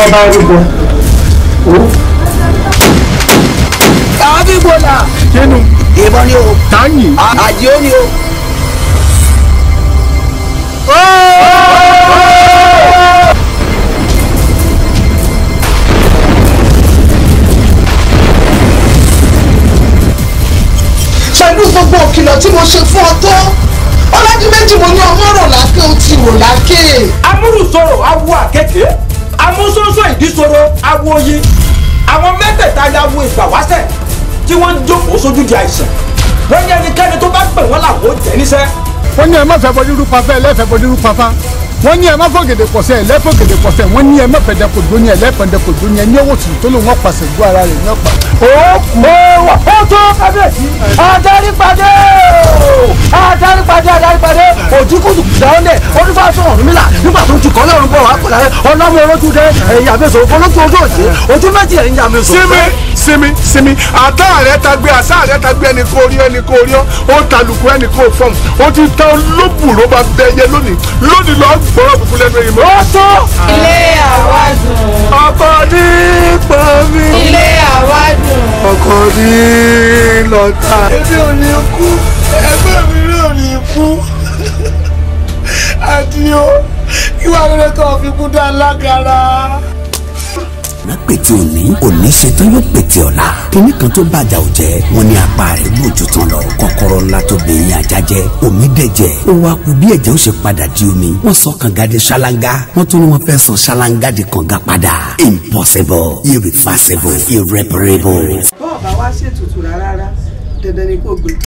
bá bá rúbọ. káfíńgbò là. kínú. ìbọn ni o. táyì. àjẹ́ ó ni o. pẹ̀lú gbogbo òkìlọ̀ tí mo ṣe fún ọ tó ọlájú méjì mo ní ọmọ rò ó ti rò lákè. amúrùtọ̀rọ̀ awo àkẹ́kẹ́ ìṣòro awo oyin àwọn mẹ́tẹ̀ẹ̀ta ya wo ìgbàwáṣẹ̀ tí wọ́n ń jókòó sójú di àìsàn wọ́n ní ẹnikẹ́ni tó bá pè wọ́n làwọn jẹ́ níṣẹ́. wọ́n ní ẹ má fẹ́ bọ́dúrú pafẹ́ ẹlẹ́fẹ́ bọ́dúrú pafá wọ́n ní ẹ má fọ́ gèdè pọ̀sẹ̀ ẹlẹ́fọ́ gèdè pọ̀sẹ̀ wọ́n ní ẹ má fẹ́ dẹ́kun dóni ẹlẹ́fẹ́ dẹ́kun dóni ẹ ní owó tuntun tó lò wọ́n pàṣẹ gbọ́ ara rẹ̀ ní ọ̀pá. ó kù ó wà ó tó kábíyèsí adarí padé adarí padé kùtù ṣẹ́ọ́lẹ̀ olúfà sọ Ọ̀rúnmìlà nígbà tó ń tukọ̀ lọ́rùn bọ̀ wá pẹ̀lú ọlọ́mọ olójú dẹ ẹ̀yà mi sọ olójú ojú òsè ojú méjì ẹ̀yà mi sọ. sinmi sinmi sinmi àtà rẹ ta gbé àṣà rẹ ta gbé ẹnì kò rí ẹnì kò rí ọ ó ta lùkù ẹnì kò ó ti tán lóbùrò bá bẹ yẹ lónìí lónìí lọ gbọ́rọ̀ kúkú lẹ́nu ẹ̀yìn mọ́. ó ilé àwádùn. ọkọ ní pọ̀mí. ilé àwádùn. ọkọ ní lọ́tà. ebi àdúrà rere kan fi kú dá lágara pètè òní òní ṣetán yóò pètè ọ̀la kíní kan tó bàjá ò jẹ́ wọn ní apá rẹ̀ lójú tán lọ kọ́kọ́rọ́ ńlá tó bẹ̀yìn ajá jẹ́ omi dẹ̀jẹ̀ ó wá kú bí ẹ̀jẹ̀ ó ṣe padà di omi wọ́n sọ kànga di ṣáláńgá wọ́n tún ní wọ́n fẹ́ sọ ṣáláńgá di kànga padà impossible irreversible irreparable. bọ́ọ̀ bá wá ṣètùtù rárá dandan ni kò gbé